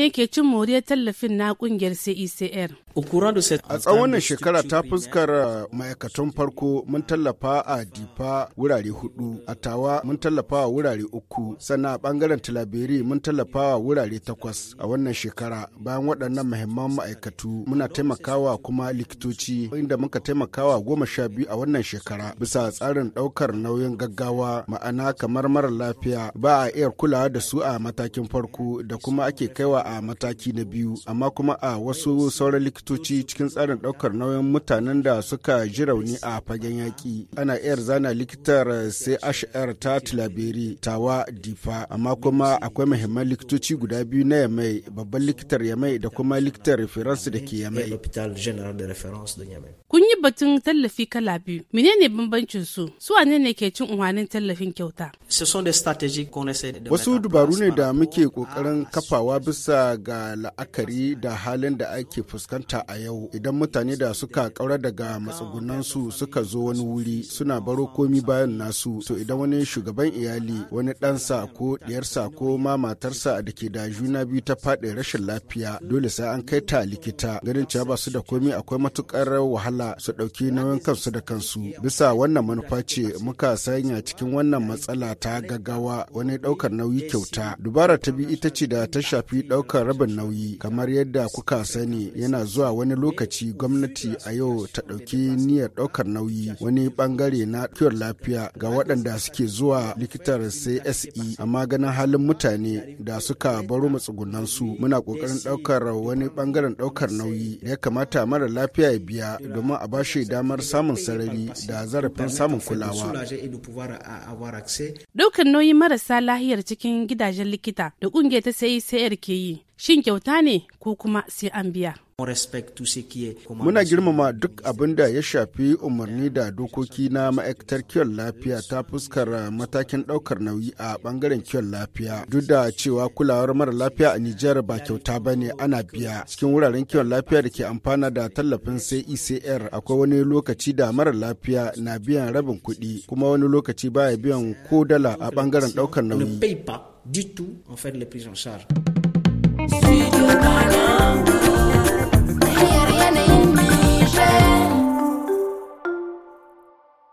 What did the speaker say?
ne ke cin moriyar tallafin na kungiyar CECR. A tsawon shekara ta fuskar ma'aikatan farko mun tallafa a difa wurare hudu, a tawa mun tallafa wurare uku, sannan a bangaren talabiri mun tallafa wurare takwas a wannan shekara bayan waɗannan mahimman ma'aikatu muna taimakawa kuma likitoci inda muka taimakawa goma sha biyu a wannan shekara bisa tsarin ɗaukar nauyin gaggawa ma'ana kamar mara lafiya ba a iya kulawa da su a matakin farko da kuma ake kaiwa a mataki na biyu amma kuma a wasu sauran likitoci asibitoci cikin tsarin ɗaukar nauyin mutanen da suka ji rauni a fagen yaƙi. Ana iyar zana likitar CHR ta Tilaberi tawa Difa, amma kuma akwai muhimman likitoci guda biyu na Yamai, babban likitar Yamai da kuma likitar reference da ke Yamai. batun tallafi kala biyu menene bambancin su su wane ne ke cin unwanin tallafin kyauta wasu dubaru ne da muke kokarin kafawa bisa ga la'akari da halin da ake fuskanta a yau idan mutane da suka kaura daga matsugunan su suka zo wani wuri suna baro komi bayan nasu to idan wani shugaban iyali wani dan sa ko diyar sa ko ma matarsa da ke da juna biyu ta faɗi rashin lafiya dole sai an kai ta likita ganin cewa ba su da komi akwai matukar wahala su ɗauki nauyin kansu da kansu bisa wannan manufa ce muka sanya cikin wannan matsala ta gaggawa wani ɗaukar nauyi kyauta dubara ta bi ita ce da ta shafi ɗaukar rabin nauyi kamar yadda kuka sani yana zuwa wani lokaci gwamnati a yau ta ɗauki niyyar ɗaukar nauyi wani ɓangare na kiwon lafiya ga waɗanda suke zuwa likitar CSE amma ganin halin mutane da suka baro su muna ƙoƙarin ɗaukar wani bangaren ɗaukar nauyi da ya kamata mara lafiya ya biya domin a ba kwashe damar samun sarari da zarafin samun kulawa. Dukkan nauyin marasa lahiyar cikin gidajen likita da ƙungiyar ta sai sayar ke yi, shin kyauta ne ko kuma sai an biya? Muna girmama duk abin da ya shafi umarni da dokoki na ma'aikatar kiwon lafiya ta fuskar matakin ɗaukar nauyi a ɓangaren kiwon lafiya. Duk da cewa kulawar mara lafiya a Nijar ba kyauta ba ne ana biya. Cikin wuraren kiwon lafiya da ke amfana da tallafin CECR akwai wani lokaci da mara lafiya na biyan rabin kuɗi kuma wani lokaci baya biyan ko dala a bangaren ɗaukar nauyi. du tout en les